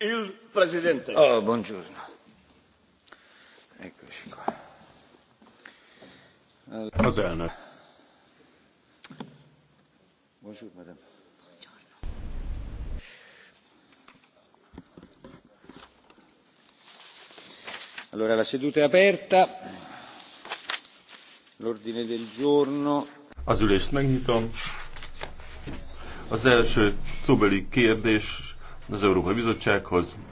Il Presidente. Oh, buongiorno. Eccoci qua. Allora. Az elnök. Buongiorno, Allora la seduta è aperta. L'ordine del giorno. Az ülést megnyitom. Az első szóbeli kérdés az Európai Bizottsághoz.